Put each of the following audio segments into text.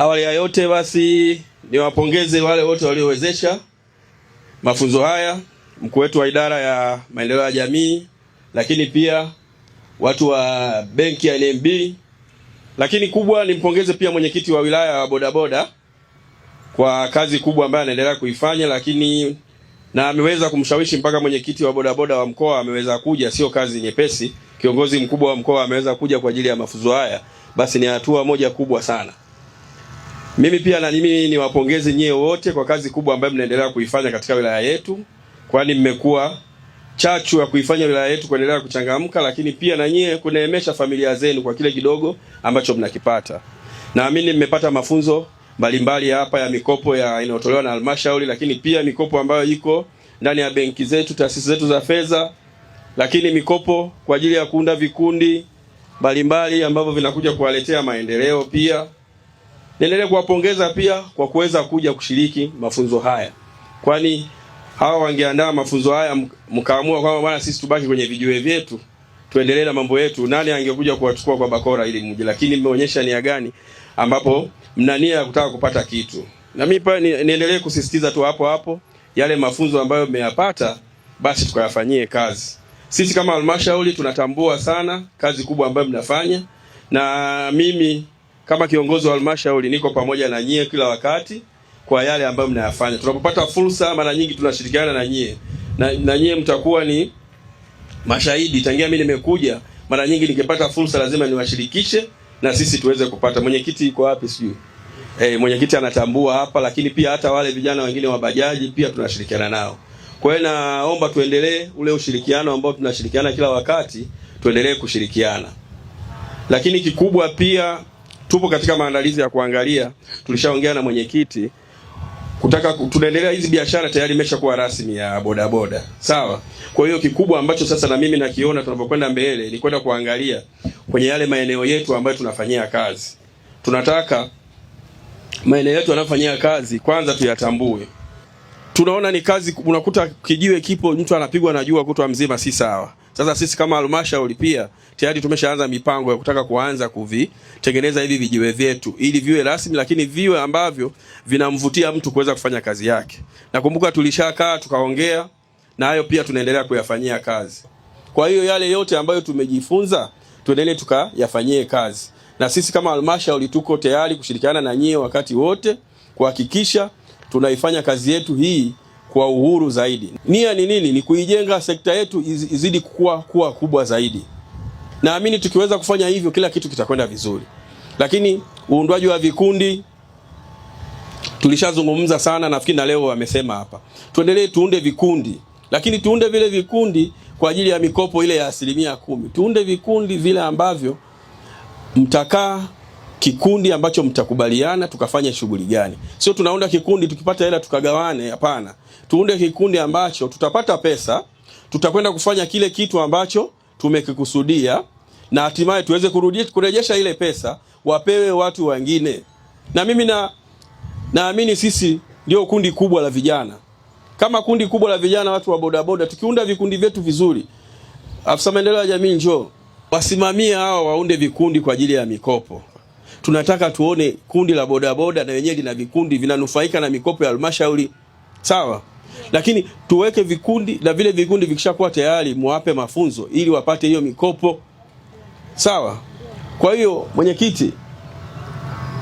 Awali ya yote basi niwapongeze wale wote waliowezesha mafunzo haya, mkuu wetu wa idara ya maendeleo ya jamii, lakini pia watu wa benki ya NMB, lakini kubwa nimpongeze pia mwenyekiti wa wilaya wa bodaboda kwa kazi kubwa ambayo anaendelea kuifanya, lakini na ameweza kumshawishi mpaka mwenyekiti wa bodaboda wa mkoa ameweza kuja. Sio kazi nyepesi, kiongozi mkubwa wa mkoa ameweza kuja kwa ajili ya mafunzo haya, basi ni hatua moja kubwa sana. Mimi pia na mimi niwapongeze nyie wote kwa kazi kubwa ambayo mnaendelea kuifanya katika wilaya yetu, kwani mmekuwa chachu ya kuifanya wilaya yetu kuendelea kuchangamka, lakini pia na nyie kuneemesha familia zenu kwa kile kidogo ambacho mnakipata. Naamini mmepata mafunzo mbalimbali hapa ya mikopo ya inayotolewa na halmashauri, lakini pia mikopo ambayo iko ndani ya benki zetu, taasisi zetu za fedha, lakini mikopo kwa ajili ya kuunda vikundi mbalimbali ambavyo vinakuja kuwaletea maendeleo pia Niendelee kuwapongeza pia kwa kuweza kuja kushiriki mafunzo haya, kwani hawa wangeandaa mafunzo haya mkaamua kwamba bwana, sisi tubaki kwenye vijiwe vyetu tuendelee na mambo yetu, nani angekuja kuwachukua kwa bakora ili mje? Lakini mmeonyesha nia gani, ambapo mna nia ya kutaka kupata kitu. Na mimi pia niendelee kusisitiza tu hapo hapo, yale mafunzo ambayo mmeyapata basi tukayafanyie kazi. Sisi kama halmashauri tunatambua sana kazi kubwa ambayo mnafanya, na mimi kama kiongozi wa halmashauri niko pamoja na nyie kila wakati kwa yale ambayo mnayafanya. Tunapopata fursa, mara nyingi tunashirikiana na nyie na, na nyie mtakuwa ni mashahidi. Tangia mimi nimekuja, mara nyingi nikipata fursa lazima niwashirikishe na sisi tuweze kupata. Mwenyekiti yuko wapi? Sijui eh, mwenyekiti anatambua hapa, lakini pia hata wale vijana wengine wa bajaji pia tunashirikiana nao. Kwa hiyo naomba tuendelee ule ushirikiano ambao tunashirikiana kila wakati, tuendelee kushirikiana, lakini kikubwa pia tupo katika maandalizi ya kuangalia, tulishaongea na mwenyekiti kutaka tunaendelea hizi biashara tayari imeshakuwa rasmi ya bodaboda, sawa. Kwa hiyo kikubwa ambacho sasa na mimi nakiona tunapokwenda mbele ni kwenda kuangalia kwenye yale maeneo yetu ambayo tunafanyia kazi. Tunataka maeneo yetu yanayofanyia kazi kwanza tuyatambue. Tunaona ni kazi, unakuta kijiwe kipo, mtu anapigwa na jua kutwa mzima, si sawa. Sasa sisi kama halmashauri pia tayari tumeshaanza mipango ya kutaka kuanza kuvitengeneza hivi vijiwe vyetu ili viwe rasmi, lakini viwe ambavyo vinamvutia mtu kuweza kufanya kazi yake. Nakumbuka tulishakaa tukaongea na hayo pia tunaendelea kuyafanyia kazi. Kwa hiyo yale yote ambayo tumejifunza tuendelee tukayafanyie kazi, na sisi kama halmashauri tuko tayari kushirikiana na nyie wakati wote kuhakikisha tunaifanya kazi yetu hii kwa uhuru zaidi. Nia ni nini? Ni kuijenga sekta yetu izidi kukua kuwa kubwa zaidi. Naamini tukiweza kufanya hivyo, kila kitu kitakwenda vizuri. Lakini uundwaji wa vikundi tulishazungumza sana, nafikiri na leo wamesema hapa, tuendelee tuunde vikundi, lakini tuunde vile vikundi kwa ajili ya mikopo ile ya asilimia kumi. Tuunde vikundi vile ambavyo mtakaa kikundi ambacho mtakubaliana tukafanya shughuli gani. Sio tunaunda kikundi tukipata hela tukagawane, hapana. Tuunde kikundi ambacho tutapata pesa, tutakwenda kufanya kile kitu ambacho tumekikusudia na hatimaye tuweze kurejesha ile pesa wapewe watu wengine. Na mimi na naamini sisi ndio kundi kubwa la vijana. Kama kundi kubwa la vijana, watu wa bodaboda, tukiunda vikundi vyetu vizuri, afisa maendeleo ya jamii njoo wasimamie hao waunde vikundi kwa ajili ya mikopo tunataka tuone kundi la bodaboda na wenyewe lina vikundi vinanufaika na mikopo ya halmashauri sawa, lakini tuweke vikundi na vile vikundi vikishakuwa tayari muwape mafunzo ili wapate hiyo mikopo sawa. Kwa hiyo mwenyekiti,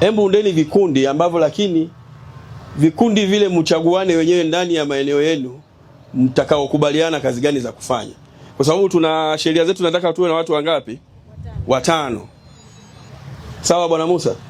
hebu undeni vikundi ambavyo, lakini vikundi vile mchaguane wenyewe ndani ya maeneo yenu mtakaokubaliana kazi gani za kufanya, kwa sababu tuna sheria zetu, tunataka tuwe na watu wangapi? Watano. Sawa, Bwana Musa.